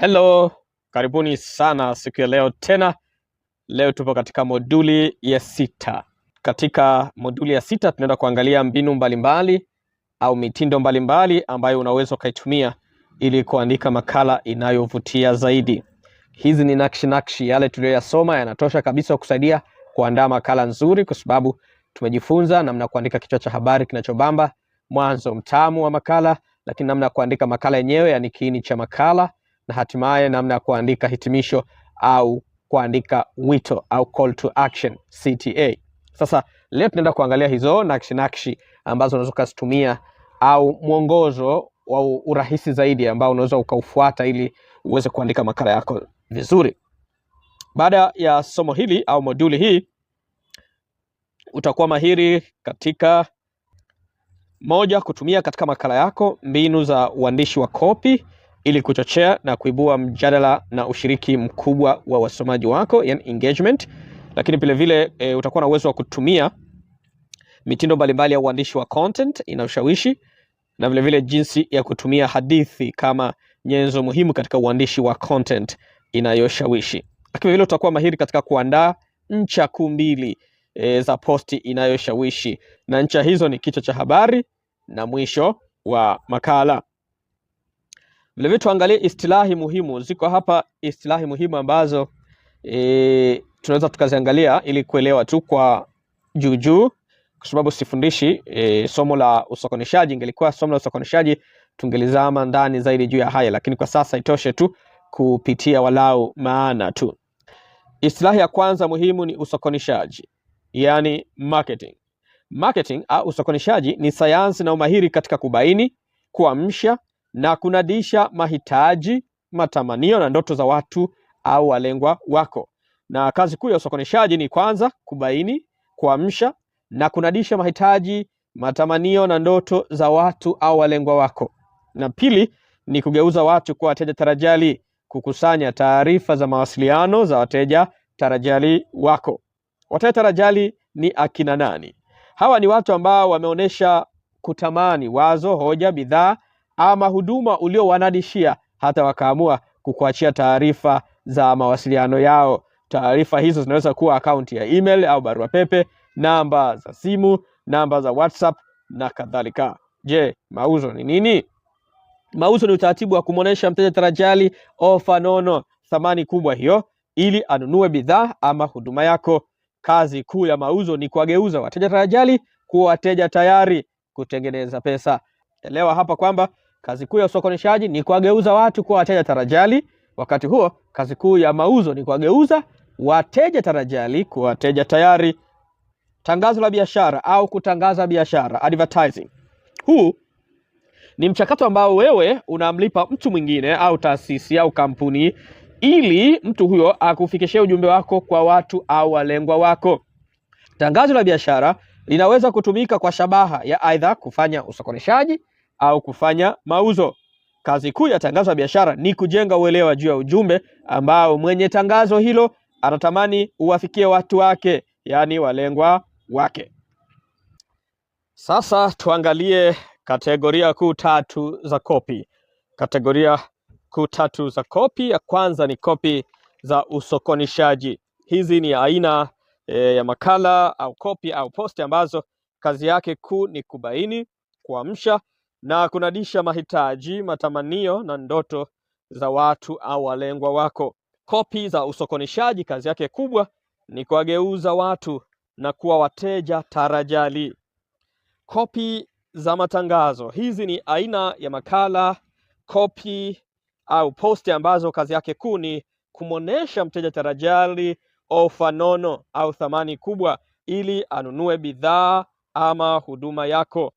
Hello, karibuni sana siku ya leo tena. Leo tupo katika moduli ya sita. Katika moduli ya sita tunaenda kuangalia mbinu mbalimbali mbali, au mitindo mbalimbali mbali ambayo unaweza ukaitumia ili kuandika makala inayovutia zaidi. Hizi ni nakshi nakshi, yale tuliyoyasoma yanatosha kabisa kusaidia kuandaa makala nzuri, kwa sababu tumejifunza namna kuandika kichwa cha habari kinachobamba, mwanzo mtamu wa makala, lakini namna ya kuandika makala yenyewe, yani kiini cha makala na hatimaye namna ya kuandika hitimisho au kuandika wito au call to action CTA. Sasa leo tunaenda kuangalia hizo nakshi nakshi ambazo unaweza ukazitumia au mwongozo wa urahisi zaidi ambao unaweza ukaufuata ili uweze kuandika makala yako vizuri. Baada ya somo hili au moduli hii utakuwa mahiri katika moja, kutumia katika makala yako mbinu za uandishi wa kopi ili kuchochea na kuibua mjadala na ushiriki mkubwa wa wasomaji wako, yani engagement. Lakini vile vile e, utakuwa na uwezo wa kutumia mitindo mbalimbali ya uandishi wa content inayoshawishi na vile vile jinsi ya kutumia hadithi kama nyenzo muhimu katika uandishi wa content inayoshawishi. Lakini vile utakuwa mahiri katika kuandaa ncha kuu mbili e, za posti inayoshawishi, na ncha hizo ni kichwa cha habari na mwisho wa makala. Vilevile tuangalie istilahi muhimu, ziko hapa istilahi muhimu ambazo e, tunaweza tukaziangalia ili kuelewa tu kwa juujuu, kwa sababu sifundishi e, somo la usokonishaji Ingelikuwa somo la usokonishaji tungelizama ndani zaidi juu ya haya, lakini kwa sasa itoshe tu kupitia walau maana tu. Istilahi ya kwanza muhimu ni usokonishaji, yani marketing. Marketing au usokonishaji ni sayansi na umahiri katika kubaini, kuamsha na kunadisha mahitaji, matamanio na ndoto za watu au walengwa wako. Na kazi kuu ya usokoneshaji ni kwanza kubaini, kuamsha na kunadisha mahitaji, matamanio na ndoto za watu au walengwa wako, na pili ni kugeuza watu kuwa wateja tarajali, kukusanya taarifa za mawasiliano za wateja tarajali wako. Wateja tarajali ni akina nani? Hawa ni watu ambao wameonesha kutamani wazo, hoja, bidhaa ama huduma uliowanadishia, hata wakaamua kukuachia taarifa za mawasiliano yao. Taarifa hizo zinaweza kuwa akaunti ya email au barua pepe, namba za simu, namba za WhatsApp na kadhalika. Je, mauzo ni nini? Mauzo ni utaratibu wa kumwonyesha mteja tarajali ofa nono, thamani kubwa hiyo, ili anunue bidhaa ama huduma yako. Kazi kuu ya mauzo ni kuwageuza wateja tarajali kuwa wateja tayari kutengeneza pesa. Elewa hapa kwamba Kazi kuu ya usokoneshaji ni kuwageuza watu kuwa wateja tarajali. Wakati huo kazi kuu ya mauzo ni kuwageuza wateja tarajali kuwa wateja tayari. Tangazo la biashara au kutangaza biashara, advertising. Huu ni mchakato ambao wewe unamlipa mtu mwingine au taasisi au kampuni ili mtu huyo akufikishie ujumbe wako kwa watu au walengwa wako. Tangazo la biashara linaweza kutumika kwa shabaha ya aidha kufanya usokoneshaji au kufanya mauzo. Kazi kuu ya tangazo la biashara ni kujenga uelewa juu ya ujumbe ambao mwenye tangazo hilo anatamani uwafikie watu wake, yaani walengwa wake. Sasa tuangalie kategoria kuu tatu za kopi Kategoria kuu tatu za kopi ya kwanza ni kopi za usokonishaji. Hizi ni aina e, ya makala au kopi au posti ambazo kazi yake kuu ni kubaini, kuamsha na kunadisha mahitaji, matamanio na ndoto za watu au walengwa wako. Kopi za usokonishaji kazi yake kubwa ni kuwageuza watu na kuwa wateja tarajali. Kopi za matangazo, hizi ni aina ya makala, kopi au posti ambazo kazi yake kuu ni kumwonesha mteja tarajali ofa nono au thamani kubwa ili anunue bidhaa ama huduma yako.